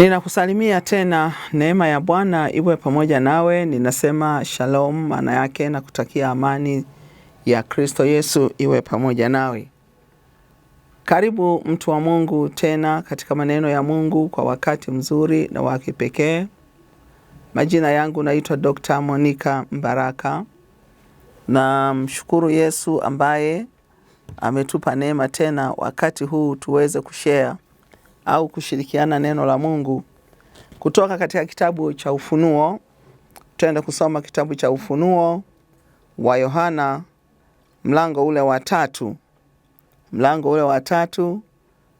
Ninakusalimia tena, neema ya Bwana iwe pamoja nawe. Ninasema shalom, maana yake na kutakia amani ya Kristo Yesu iwe pamoja nawe. Karibu mtu wa Mungu tena katika maneno ya Mungu kwa wakati mzuri na wa kipekee. Majina yangu naitwa Dr. Monica Mbaraka. Namshukuru Yesu ambaye ametupa neema tena wakati huu tuweze kushare au kushirikiana neno la Mungu kutoka katika kitabu cha Ufunuo. Tutaenda kusoma kitabu cha Ufunuo wa Yohana mlango ule wa tatu, mlango ule wa tatu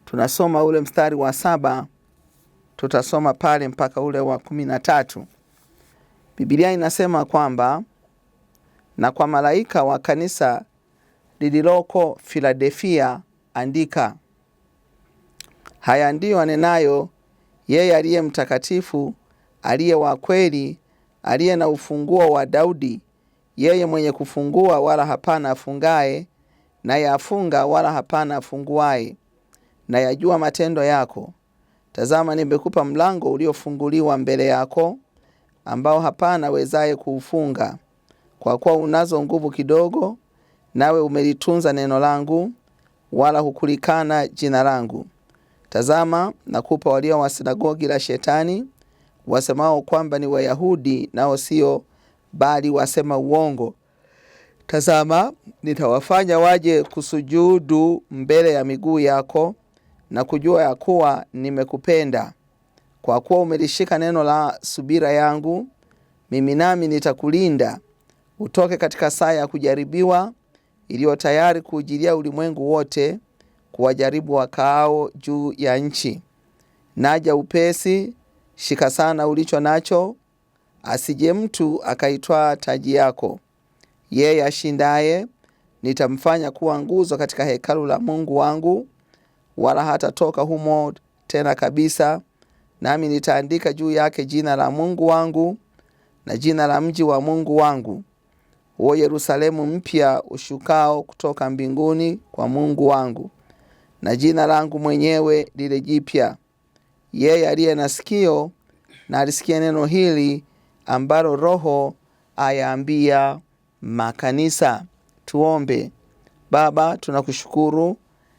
tunasoma ule mstari wa saba tutasoma pale mpaka ule wa kumi na tatu. Biblia inasema kwamba na kwa malaika wa kanisa lililoko Filadelfia andika Haya ndiyo anenayo yeye aliye mtakatifu, aliye wa kweli, aliye na ufunguo wa Daudi, yeye mwenye kufungua wala hapana afungaye, na yafunga wala hapana afunguaye, na yajua matendo yako. Tazama, nimekupa mlango uliofunguliwa mbele yako, ambao hapana wezaye kuufunga. Kwa kuwa unazo nguvu kidogo, nawe umelitunza neno langu, wala hukulikana jina langu. Tazama nakupa walio wa sinagogi la Shetani, wasemao kwamba ni Wayahudi nao sio, bali wasema uongo. Tazama nitawafanya waje kusujudu mbele ya miguu yako na kujua ya kuwa nimekupenda. Kwa kuwa umelishika neno la subira yangu, mimi nami nitakulinda utoke katika saa ya kujaribiwa iliyo tayari kuujilia ulimwengu wote kuwajaribu wakaao juu ya nchi. Naja upesi, shika sana ulicho nacho, asije mtu akaitwaa taji yako. Yeye ashindaye nitamfanya kuwa nguzo katika hekalu la Mungu wangu, wala hatatoka humo tena kabisa. Nami nitaandika juu yake jina la Mungu wangu na jina la mji wa Mungu wangu, huo Yerusalemu mpya ushukao kutoka mbinguni kwa Mungu wangu na jina langu mwenyewe lile jipya. Yeye aliye na sikio na alisikia neno hili ambalo Roho ayaambia makanisa. Tuombe. Baba, tunakushukuru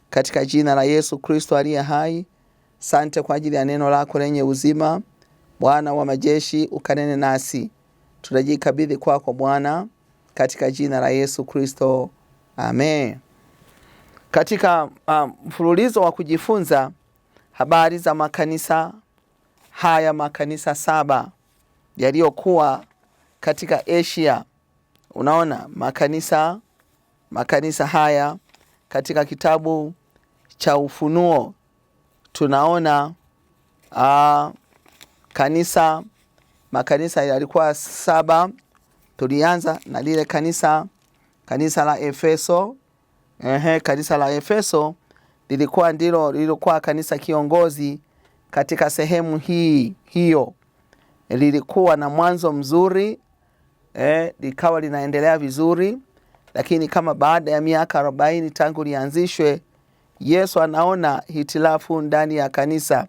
katika jina la Yesu Kristo aliye hai. Sante kwa ajili ya neno lako lenye uzima. Bwana wa majeshi, ukanene nasi, tunajikabidhi kwako Bwana, katika jina la Yesu Kristo, amen katika ah, mfululizo um, wa kujifunza habari za makanisa haya makanisa saba yaliyokuwa katika Asia. Unaona makanisa makanisa haya katika kitabu cha Ufunuo tunaona uh, kanisa makanisa yalikuwa saba. Tulianza na lile kanisa kanisa la Efeso Ehe, kanisa la Efeso lilikuwa ndilo lilikuwa kanisa kiongozi katika sehemu hii hiyo. Lilikuwa na mwanzo mzuri eh, likawa linaendelea vizuri, lakini kama baada ya miaka arobaini tangu lianzishwe, Yesu anaona hitilafu ndani ya kanisa,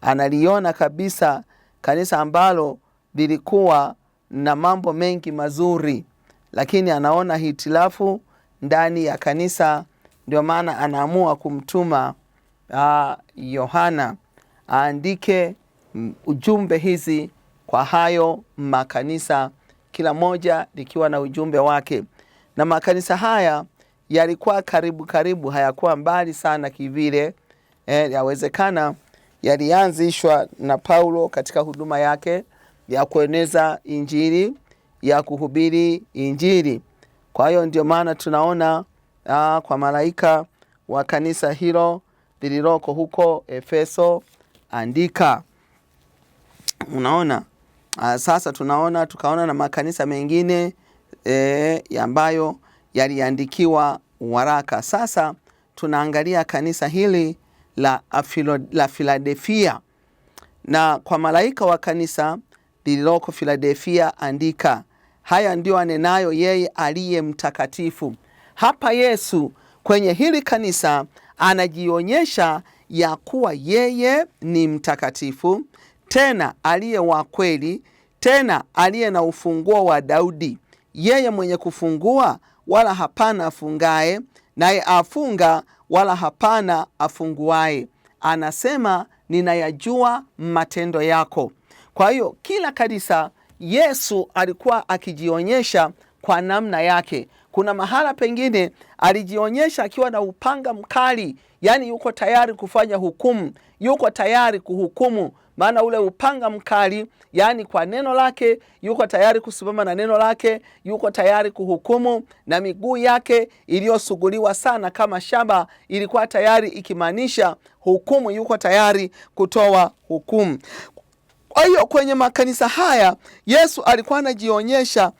analiona kabisa kanisa ambalo lilikuwa na mambo mengi mazuri, lakini anaona hitilafu ndani ya kanisa. Ndio maana anaamua kumtuma ah, Yohana uh, aandike mm, ujumbe hizi kwa hayo makanisa, kila moja likiwa na ujumbe wake, na makanisa haya yalikuwa karibu karibu, hayakuwa mbali sana kivile. Eh, yawezekana yalianzishwa na Paulo katika huduma yake ya kueneza Injili, ya kuhubiri Injili. Kwa hiyo ndio maana tunaona aa, ah, kwa malaika wa kanisa hilo lililoko huko Efeso, andika. Unaona aa, ah, sasa tunaona tukaona na makanisa mengine e, ambayo yaliandikiwa waraka. Sasa tunaangalia kanisa hili la, afilo, la Filadelfia na kwa malaika wa kanisa lililoko Filadelfia andika. Haya ndiyo anenayo yeye aliye mtakatifu. Hapa Yesu kwenye hili kanisa anajionyesha ya kuwa yeye ni mtakatifu, tena aliye wa kweli, tena aliye na ufunguo wa Daudi, yeye mwenye kufungua wala hapana afungaye, naye afunga wala hapana afunguaye. Anasema ninayajua matendo yako. Kwa hiyo kila kanisa Yesu alikuwa akijionyesha kwa namna yake. Kuna mahala pengine alijionyesha akiwa na upanga mkali, yaani yuko tayari kufanya hukumu, yuko tayari kuhukumu. Maana ule upanga mkali, yaani kwa neno lake, yuko tayari kusimama na neno lake, yuko tayari kuhukumu. Na miguu yake iliyosuguliwa sana kama shaba ilikuwa tayari, ikimaanisha hukumu, yuko tayari kutoa hukumu. Kwa hiyo kwenye makanisa haya Yesu alikuwa anajionyesha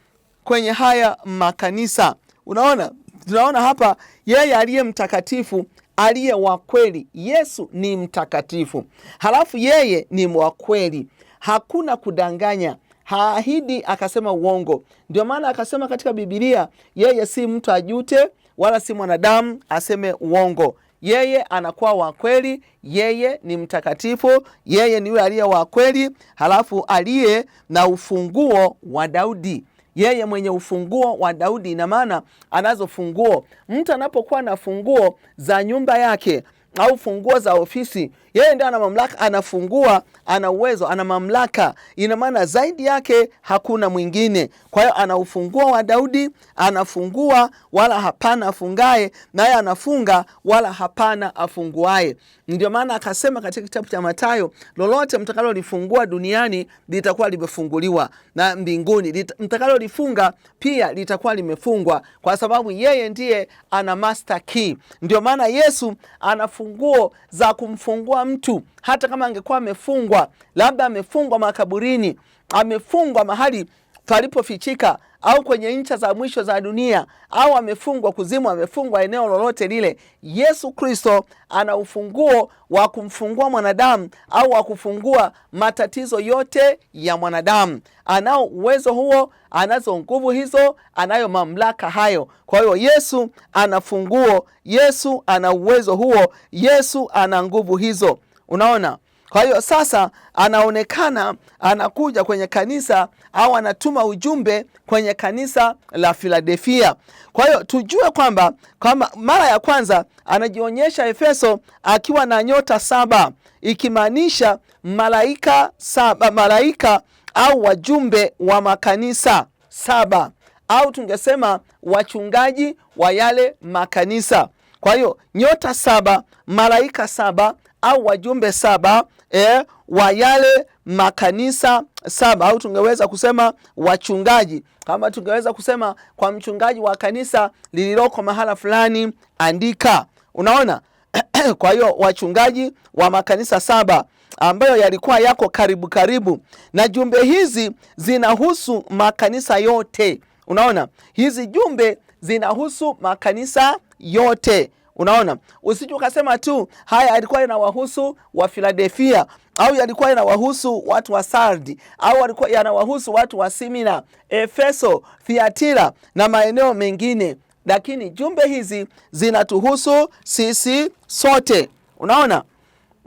kwenye haya makanisa. Unaona, tunaona hapa yeye aliye mtakatifu aliye wa kweli. Yesu ni mtakatifu, halafu yeye ni wa kweli, hakuna kudanganya, haahidi akasema uongo. Ndio maana akasema katika Bibilia, yeye si mtu ajute wala si mwanadamu aseme uongo yeye anakuwa wa kweli, yeye ni mtakatifu, yeye ni yule aliye wa kweli, halafu aliye na ufunguo wa Daudi yeye mwenye ufunguo wa Daudi. Ina maana anazo funguo. Mtu anapokuwa na funguo za nyumba yake au funguo za ofisi yeye ndio ana mamlaka, anafungua, ana uwezo, ana mamlaka. Ina maana zaidi yake hakuna mwingine. Kwa hiyo ana ufunguo wa Daudi, anafungua wala hapana afungaye, naye anafunga wala hapana afunguaye. Ndio maana akasema katika kitabu cha Mathayo, lolote mtakalolifungua duniani litakuwa limefunguliwa na mbinguni, mtakalolifunga pia litakuwa limefungwa, kwa sababu yeye ndiye ana master key. Ndio maana Yesu ana funguo za kumfungua kwa mtu hata kama angekuwa amefungwa, labda amefungwa makaburini, amefungwa mahali palipofichika au kwenye ncha za mwisho za dunia au amefungwa kuzimu, amefungwa eneo lolote lile, Yesu Kristo ana ufunguo wa kumfungua mwanadamu au wa kufungua matatizo yote ya mwanadamu. Anao uwezo huo, anazo nguvu hizo, anayo mamlaka hayo. Kwa hiyo Yesu ana funguo, Yesu ana uwezo huo, Yesu ana nguvu hizo. Unaona? Kwa hiyo sasa anaonekana anakuja kwenye kanisa au anatuma ujumbe kwenye kanisa la Filadelfia. Kwa hiyo tujue kwamba kama mara ya kwanza anajionyesha Efeso akiwa na nyota saba, ikimaanisha malaika saba, malaika au wajumbe wa makanisa saba au tungesema wachungaji wa yale makanisa. Kwa hiyo nyota saba, malaika saba au wajumbe saba eh, wa yale makanisa saba au tungeweza kusema wachungaji, kama tungeweza kusema kwa mchungaji wa kanisa lililoko mahala fulani, andika. Unaona? Kwa hiyo wachungaji wa makanisa saba ambayo yalikuwa yako karibu karibu, na jumbe hizi zinahusu makanisa yote. Unaona, hizi jumbe zinahusu makanisa yote. Unaona, usije ukasema tu haya alikuwa wahusu wa Philadelphia au yalikuwa yanawahusu watu wa Sardi au yalikuwa yanawahusu watu wa Simina, Efeso, Thiatira na maeneo mengine, lakini jumbe hizi zinatuhusu sisi sote. Unaona.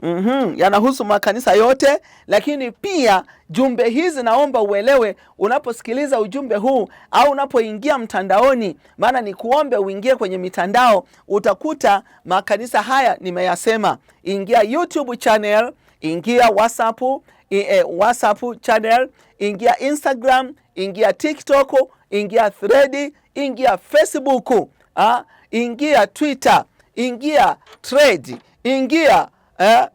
Mm -hmm. Yanahusu makanisa yote, lakini pia jumbe hizi naomba uelewe unaposikiliza ujumbe huu au unapoingia mtandaoni, maana ni kuombe uingie kwenye mitandao, utakuta makanisa haya nimeyasema. Ingia YouTube channel, ingia WhatsApp, e, WhatsApp channel, ingia Instagram, ingia TikTok, ingia Thread, ingia Facebook, ah, ingia Twitter, ingia trade ingia eh,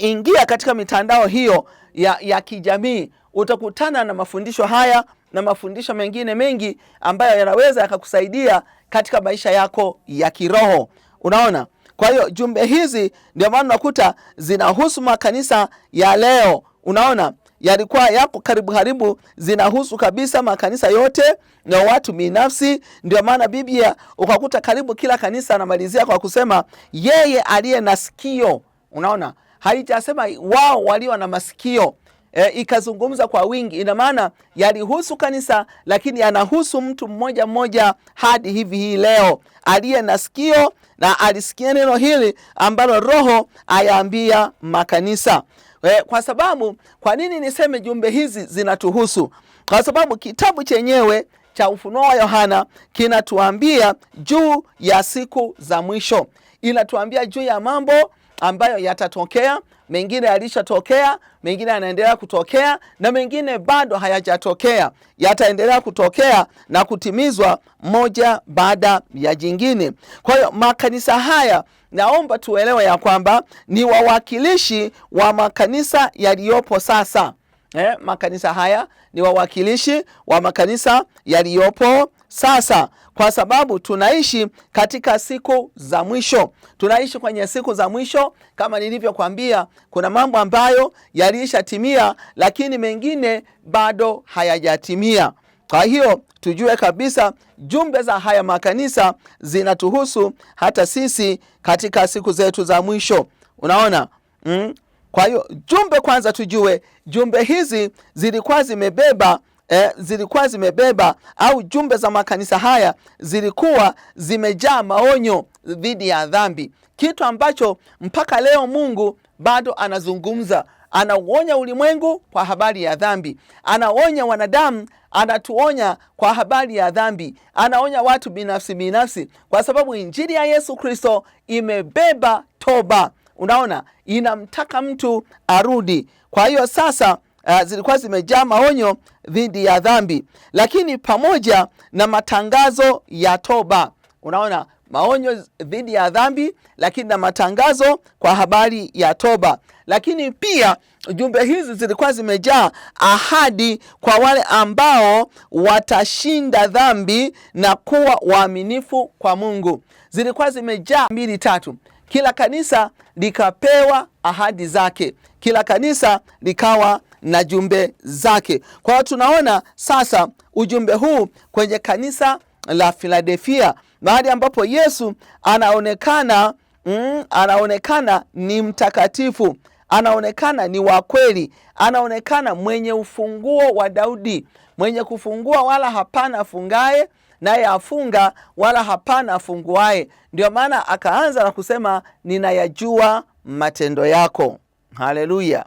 ingia katika mitandao hiyo ya, ya kijamii utakutana na mafundisho haya na mafundisho mengine mengi ambayo yanaweza yakakusaidia katika maisha yako ya kiroho. Unaona, kwa hiyo jumbe hizi ndio maana unakuta zinahusu makanisa ya leo. Unaona, yalikuwa yako karibu karibu, zinahusu kabisa makanisa yote na watu binafsi. Ndio maana Biblia ukakuta karibu kila kanisa anamalizia kwa kusema yeye aliye na sikio. Unaona, haitasema wao walio na masikio E, ikazungumza kwa wingi. Ina maana yalihusu kanisa, lakini yanahusu mtu mmoja mmoja hadi hivi hii leo, aliye na sikio na alisikia neno hili ambalo Roho ayaambia makanisa e, kwa sababu kwa nini niseme jumbe hizi zinatuhusu? Kwa sababu kitabu chenyewe cha Ufunuo wa Yohana kinatuambia juu ya siku za mwisho, inatuambia juu ya mambo ambayo yatatokea. Mengine yalishatokea, mengine yanaendelea kutokea, na mengine bado hayajatokea, yataendelea kutokea na kutimizwa moja baada ya jingine. Kwa hiyo makanisa haya naomba tuelewe ya kwamba ni wawakilishi wa makanisa yaliyopo sasa. Eh, makanisa haya ni wawakilishi wa makanisa yaliyopo sasa, kwa sababu tunaishi katika siku za mwisho. Tunaishi kwenye siku za mwisho, kama nilivyokwambia, kuna mambo ambayo yalishatimia, lakini mengine bado hayajatimia. Kwa hiyo tujue kabisa jumbe za haya makanisa zinatuhusu hata sisi katika siku zetu za mwisho. Unaona mm? Kwa hiyo jumbe kwanza tujue jumbe hizi zilikuwa zimebeba eh, zilikuwa zimebeba au jumbe za makanisa haya zilikuwa zimejaa maonyo dhidi ya dhambi, kitu ambacho mpaka leo Mungu bado anazungumza, anauonya ulimwengu kwa habari ya dhambi, anaonya wanadamu anatuonya kwa habari ya dhambi, anaonya watu binafsi binafsi, kwa sababu injili ya Yesu Kristo imebeba toba. Unaona, inamtaka mtu arudi. Kwa hiyo sasa Uh, zilikuwa zimejaa maonyo dhidi ya dhambi, lakini pamoja na matangazo ya toba. Unaona, maonyo dhidi ya dhambi, lakini na matangazo kwa habari ya toba, lakini pia Jumbe hizi zilikuwa zimejaa ahadi kwa wale ambao watashinda dhambi na kuwa waaminifu kwa Mungu. Zilikuwa zimejaa mbili tatu. Kila kanisa likapewa ahadi zake, kila kanisa likawa na jumbe zake. Kwa hiyo tunaona sasa ujumbe huu kwenye kanisa la Filadelfia, mahali ambapo Yesu anaonekana mm, anaonekana ni mtakatifu anaonekana ni wa kweli, anaonekana mwenye ufunguo wa Daudi, mwenye kufungua wala hapana afungaye, naye afunga wala hapana afunguaye. Ndio maana akaanza na kusema ninayajua matendo yako. Haleluya!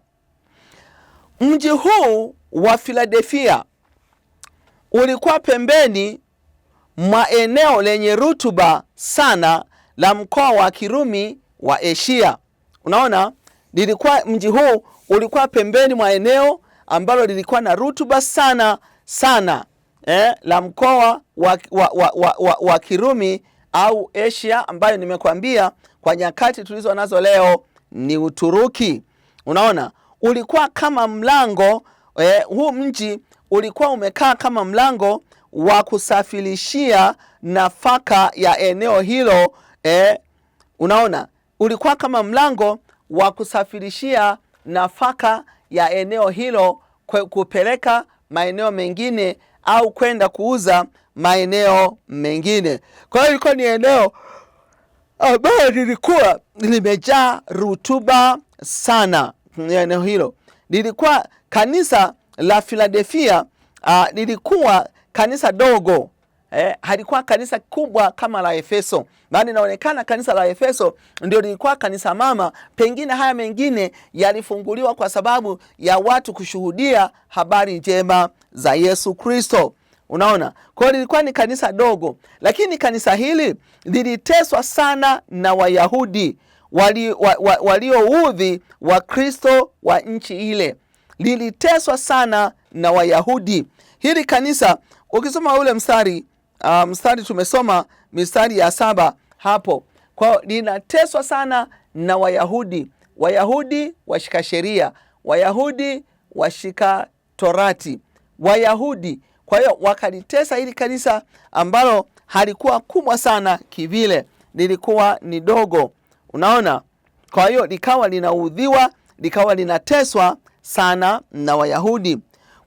Mji huu wa Filadelfia ulikuwa pembeni mwa eneo lenye rutuba sana la mkoa wa Kirumi wa Asia. Unaona lilikuwa mji huu ulikuwa pembeni mwa eneo ambalo lilikuwa na rutuba sana sana eh, la mkoa wa, wa, wa, wa, wa, wa Kirumi au Asia ambayo nimekwambia kwa nyakati tulizo nazo leo ni Uturuki. Unaona, ulikuwa kama mlango eh, huu mji ulikuwa umekaa kama mlango wa kusafirishia nafaka ya eneo hilo eh, unaona, ulikuwa kama mlango wa kusafirishia nafaka ya eneo hilo kupeleka maeneo mengine au kwenda kuuza maeneo mengine. Kwa hiyo ilikuwa ni eneo ambayo lilikuwa limejaa rutuba sana. Eneo hilo lilikuwa kanisa la Filadelfia, uh, ah, lilikuwa kanisa dogo eh, halikuwa kanisa kubwa kama la Efeso, bali inaonekana kanisa la Efeso ndio lilikuwa kanisa mama. Pengine haya mengine yalifunguliwa kwa sababu ya watu kushuhudia habari njema za Yesu Kristo. Unaona, kwa hiyo lilikuwa ni kanisa dogo, lakini kanisa hili liliteswa sana na Wayahudi walioudhi wa, wa Wakristo wa nchi ile, liliteswa sana na Wayahudi. Hili kanisa ukisoma ule mstari uh, mstari tumesoma mistari ya saba hapo kwao, linateswa sana na Wayahudi, Wayahudi washika sheria, Wayahudi washika torati, Wayahudi. Kwa hiyo wakalitesa hili kanisa ambalo halikuwa kubwa sana kivile, lilikuwa ni dogo, unaona. Kwa hiyo likawa linaudhiwa, likawa linateswa sana na Wayahudi.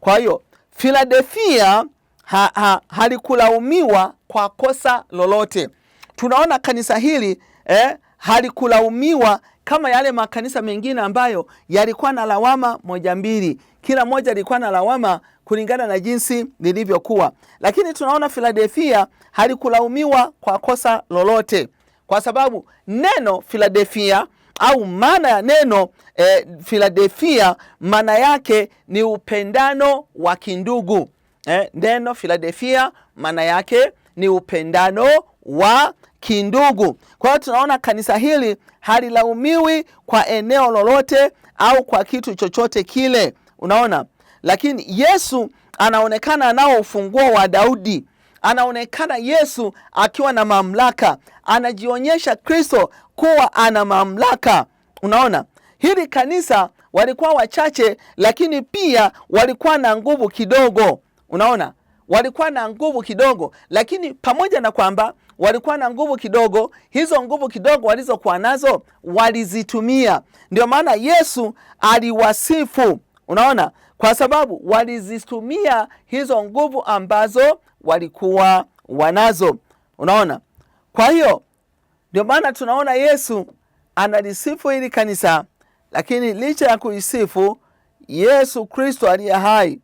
Kwa hiyo Filadelfia ha, ha, halikulaumiwa kwa kosa lolote. Tunaona kanisa hili eh, halikulaumiwa kama yale makanisa mengine ambayo yalikuwa na lawama moja mbili, kila moja alikuwa na lawama kulingana na jinsi lilivyokuwa. Lakini tunaona Filadelfia halikulaumiwa kwa kosa lolote, kwa sababu neno Filadelfia au maana ya neno eh, Filadelfia maana yake ni upendano wa kindugu. Eh, neno Philadelphia maana yake ni upendano wa kindugu. Kwa hiyo tunaona kanisa hili halilaumiwi kwa eneo lolote au kwa kitu chochote kile, unaona. Lakini Yesu anaonekana anao ufunguo wa Daudi, anaonekana Yesu akiwa na mamlaka, anajionyesha Kristo kuwa ana mamlaka, unaona. Hili kanisa walikuwa wachache, lakini pia walikuwa na nguvu kidogo Unaona, walikuwa na nguvu kidogo, lakini pamoja na kwamba walikuwa na nguvu kidogo, hizo nguvu kidogo walizokuwa nazo walizitumia. Ndio maana Yesu aliwasifu, unaona, kwa sababu walizitumia hizo nguvu ambazo walikuwa wanazo, unaona. Kwa hiyo ndio maana tunaona Yesu analisifu hili kanisa, lakini licha ya kuisifu, Yesu Kristo aliye hai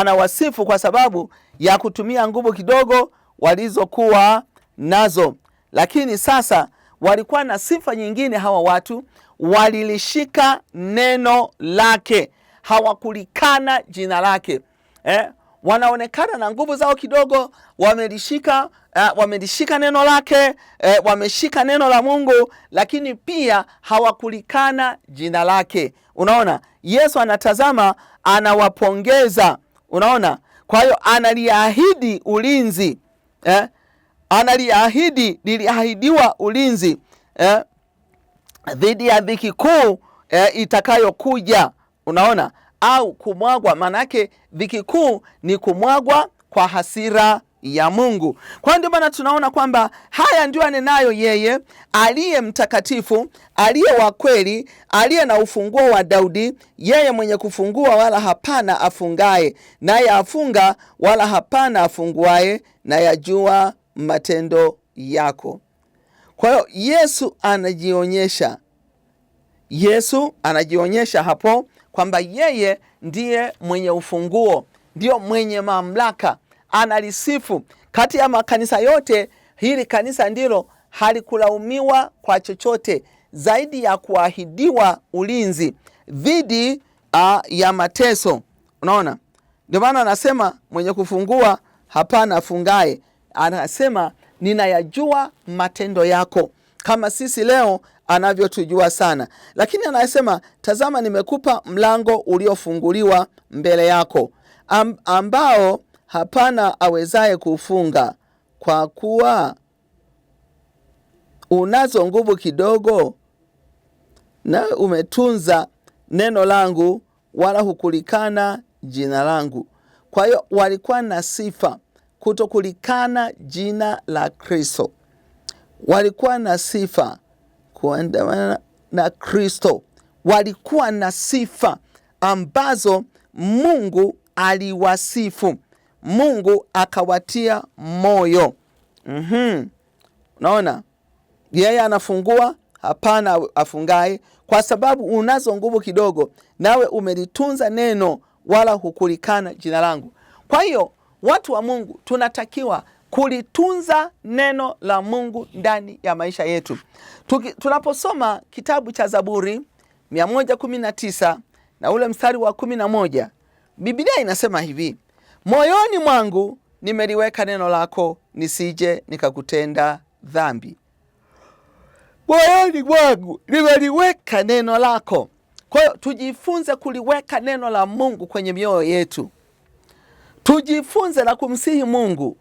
anawasifu kwa sababu ya kutumia nguvu kidogo walizokuwa nazo. Lakini sasa walikuwa na sifa nyingine, hawa watu walilishika neno lake, hawakulikana jina lake eh? Wanaonekana na nguvu zao kidogo, wamelishika eh, wamelishika neno lake eh, wameshika neno la Mungu, lakini pia hawakulikana jina lake. Unaona, Yesu anatazama, anawapongeza Unaona, kwa hiyo analiahidi ulinzi eh? Analiahidi, liliahidiwa ulinzi eh? dhidi ya dhiki kuu eh, itakayokuja. Unaona, au kumwagwa, maana yake dhiki kuu ni kumwagwa kwa hasira ya Mungu. Kwa ndio maana tunaona kwamba haya ndiyo anenayo yeye aliye mtakatifu, aliye wa kweli, aliye na ufunguo wa Daudi, yeye mwenye kufungua wala hapana afungaye, naye afunga wala hapana afunguaye, na yajua matendo yako. Kwa hiyo Yesu anajionyesha, Yesu anajionyesha hapo kwamba yeye ndiye mwenye ufunguo, ndiyo mwenye mamlaka analisifu. Kati ya makanisa yote, hili kanisa ndilo halikulaumiwa kwa chochote zaidi ya kuahidiwa ulinzi dhidi ya mateso. Unaona, ndio maana anasema mwenye kufungua hapana afungae. anasema ninayajua matendo yako, kama sisi leo anavyotujua sana. Lakini anasema tazama, nimekupa mlango uliofunguliwa mbele yako ambao hapana awezaye kufunga, kwa kuwa unazo nguvu kidogo, na umetunza neno langu, wala hukulikana jina langu. Kwa hiyo walikuwa na sifa kutokulikana jina la Kristo, walikuwa na sifa kuandamana na Kristo, walikuwa na sifa ambazo Mungu aliwasifu. Mungu akawatia moyo. mm Unaona, yeye anafungua, hapana afungai kwa sababu unazo nguvu kidogo, nawe umelitunza neno, wala hukulikana jina langu. Kwa hiyo watu wa Mungu tunatakiwa kulitunza neno la Mungu ndani ya maisha yetu. Tunaposoma kitabu cha Zaburi 119 na ule mstari wa 11, Biblia inasema hivi: moyoni mwangu nimeliweka neno lako, nisije nikakutenda dhambi. Moyoni mwangu nimeliweka neno lako. Kwa hiyo tujifunze kuliweka neno la Mungu kwenye mioyo yetu, tujifunze na kumsihi Mungu,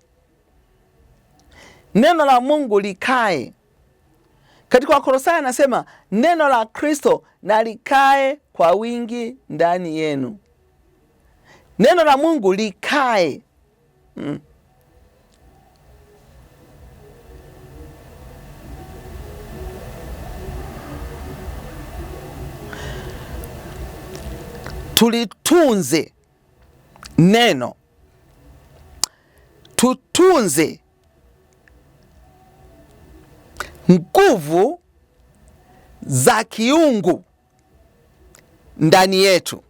neno la Mungu likae katika Wakolosai anasema neno la Kristo na likae kwa wingi ndani yenu neno la Mungu likae hmm. Tulitunze neno, tutunze nguvu za kiungu ndani yetu.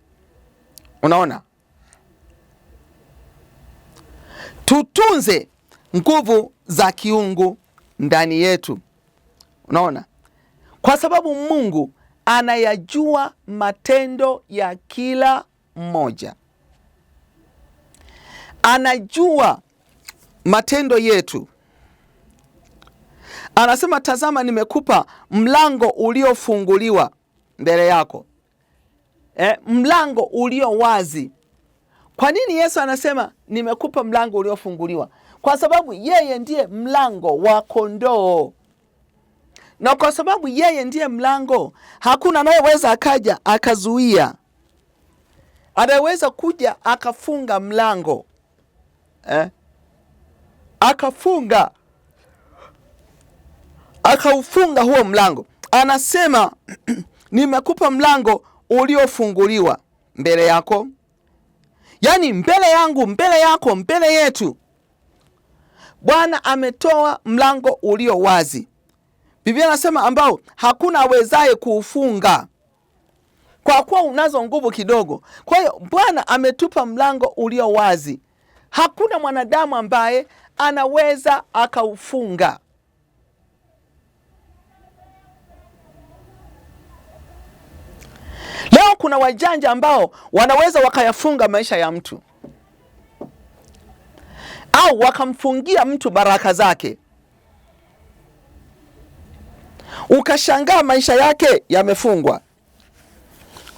Unaona, tutunze nguvu za kiungu ndani yetu. Unaona, kwa sababu Mungu anayajua matendo ya kila mmoja, anajua matendo yetu. Anasema, tazama, nimekupa mlango uliofunguliwa mbele yako, eh, mlango ulio wazi kwa nini Yesu anasema nimekupa mlango uliofunguliwa? Kwa sababu yeye ndiye mlango wa kondoo, na kwa sababu yeye ndiye mlango, hakuna anayeweza akaja akazuia, Anaweza kuja akafunga mlango eh? Akafunga, akaufunga huo mlango. Anasema nimekupa mlango uliofunguliwa mbele yako yaani mbele yangu, mbele yako, mbele yetu. Bwana ametoa mlango ulio wazi, Biblia anasema ambao hakuna awezaye kuufunga. Kwa kuwa unazo nguvu kidogo, kwa hiyo Bwana ametupa mlango ulio wazi, hakuna mwanadamu ambaye anaweza akaufunga. Leo kuna wajanja ambao wanaweza wakayafunga maisha ya mtu au wakamfungia mtu baraka zake, ukashangaa maisha yake yamefungwa,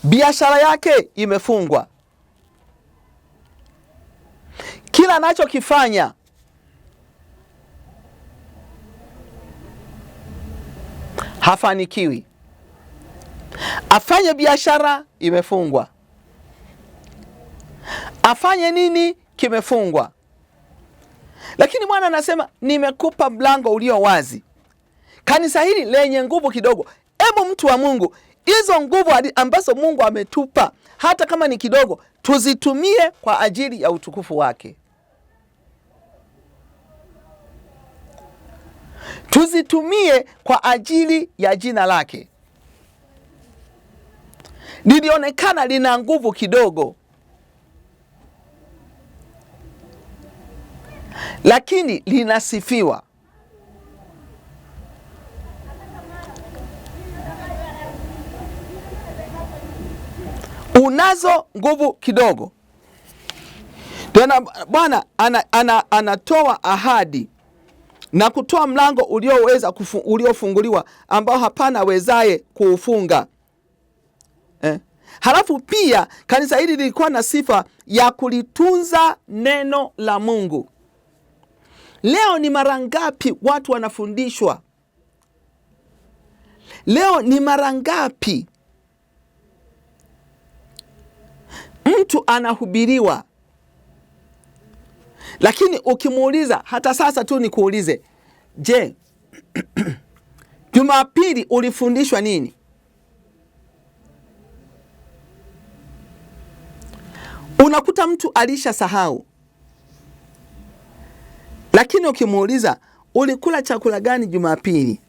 biashara yake imefungwa, kila anachokifanya hafanikiwi afanye biashara imefungwa, afanye nini kimefungwa. Lakini Bwana anasema nimekupa mlango ulio wazi. Kanisa hili lenye nguvu kidogo, hebu mtu wa Mungu, hizo nguvu ambazo Mungu ametupa hata kama ni kidogo, tuzitumie kwa ajili ya utukufu wake, tuzitumie kwa ajili ya jina lake lilionekana lina nguvu kidogo, lakini linasifiwa. Unazo nguvu kidogo tena. Bwana ana, ana, anatoa ahadi na kutoa mlango ulioweza uliofunguliwa ambao hapana wezaye kuufunga. Eh? Halafu pia kanisa hili lilikuwa na sifa ya kulitunza neno la Mungu. Leo ni mara ngapi watu wanafundishwa? Leo ni mara ngapi mtu anahubiriwa? Lakini ukimuuliza hata sasa tu nikuulize, je, Jumapili ulifundishwa nini? Unakuta mtu alisha sahau, lakini ukimuuliza ulikula chakula gani Jumapili,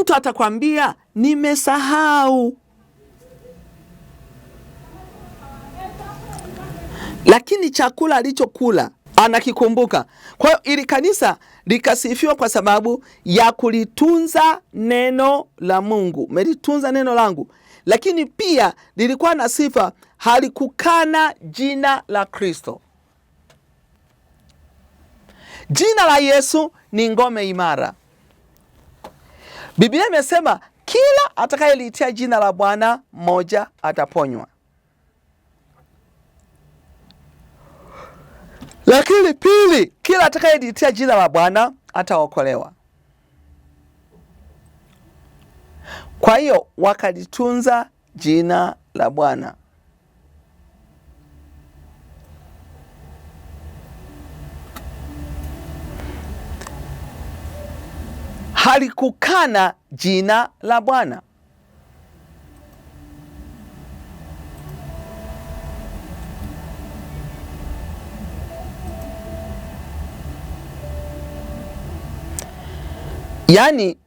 mtu atakwambia nimesahau. Lakini chakula alichokula anakikumbuka. Kwa hiyo ili kanisa likasifiwa kwa sababu ya kulitunza neno la Mungu, melitunza neno langu, lakini pia lilikuwa na sifa, halikukana jina la Kristo. Jina la Yesu ni ngome imara. Biblia imesema kila atakayeliitia jina la Bwana moja ataponywa. Lakini pili, kila atakayeliitia jina la Bwana ataokolewa. Kwa hiyo wakalitunza jina la Bwana. Halikukana jina la Bwana. yaani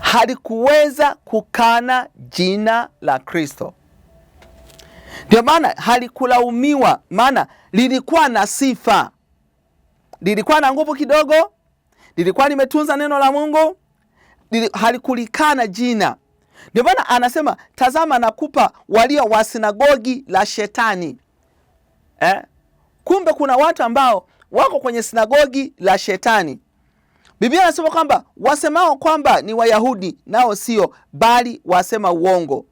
halikuweza kukana jina la Kristo. Ndio maana halikulaumiwa, maana lilikuwa na sifa, lilikuwa na nguvu kidogo, lilikuwa limetunza neno la Mungu, halikulikana jina. Ndio maana anasema, tazama nakupa walio wa sinagogi la shetani eh? Kumbe kuna watu ambao wako kwenye sinagogi la shetani. Biblia anasema kwamba wasemao kwamba ni Wayahudi nao sio, bali wasema uongo.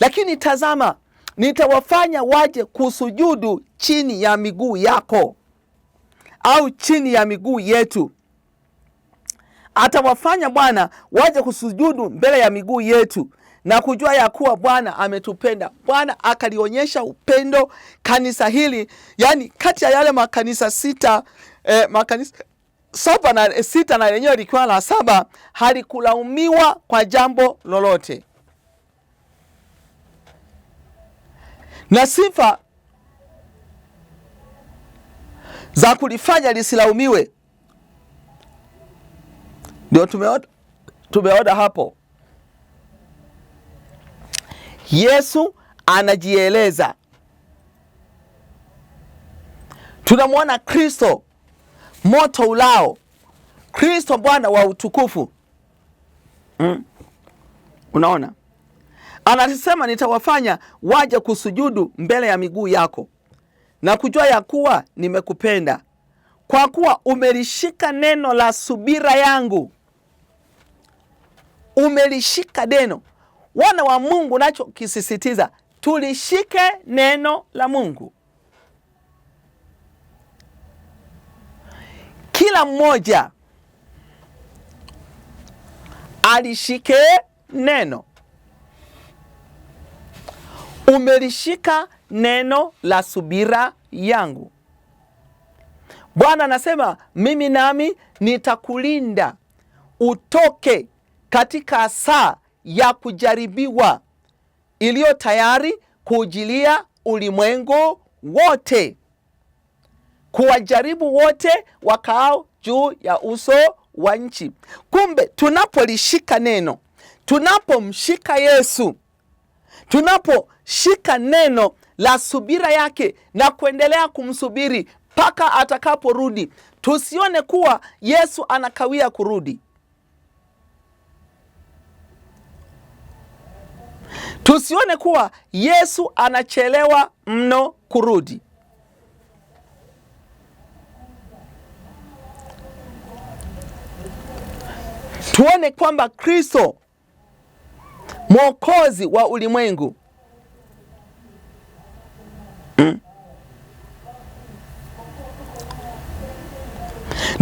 Lakini tazama, nitawafanya waje kusujudu chini ya miguu yako, au chini ya miguu yetu. Atawafanya Bwana waje kusujudu mbele ya miguu yetu na kujua ya kuwa Bwana ametupenda. Bwana akalionyesha upendo kanisa hili, yani kati ya yale makanisa sita eh, makanisa sopa na sita na lenyewe likiwa la saba halikulaumiwa kwa jambo lolote, na sifa za kulifanya lisilaumiwe ndio tumeona tumeona hapo. Yesu anajieleza, tunamwona Kristo moto ulao Kristo Bwana wa utukufu. Mm. Unaona, anasema nitawafanya waje kusujudu mbele ya miguu yako na kujua ya kuwa nimekupenda, kwa kuwa umelishika neno la subira yangu. Umelishika neno. Wana wa Mungu, nachokisisitiza tulishike neno la Mungu. kila mmoja alishike neno. Umelishika neno la subira yangu. Bwana anasema mimi nami nitakulinda utoke katika saa ya kujaribiwa iliyo tayari kuujilia ulimwengu wote kuwajaribu wote wakaao juu ya uso wa nchi. Kumbe tunapolishika neno, tunapomshika Yesu, tunaposhika neno la subira yake na kuendelea kumsubiri mpaka atakaporudi, tusione kuwa Yesu anakawia kurudi. Tusione kuwa Yesu anachelewa mno kurudi. tuone kwamba Kristo mwokozi wa ulimwengu mm.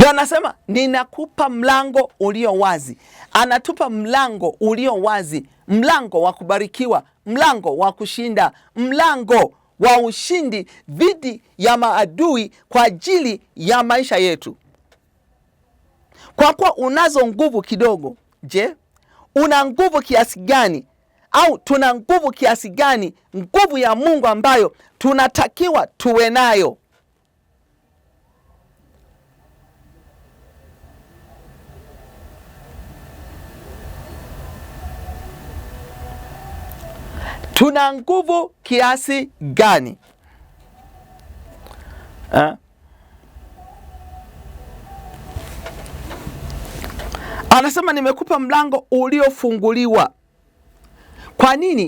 anasema ninakupa mlango ulio wazi. Anatupa mlango ulio wazi, mlango wa kubarikiwa, mlango wa kushinda, mlango wa ushindi dhidi ya maadui kwa ajili ya maisha yetu. Kwa kuwa unazo nguvu kidogo, je, una nguvu kiasi gani? Au tuna nguvu kiasi gani? Nguvu ya Mungu ambayo tunatakiwa tuwe nayo. Tuna nguvu kiasi gani ha? Eh? Anasema nimekupa mlango uliofunguliwa. Kwa nini?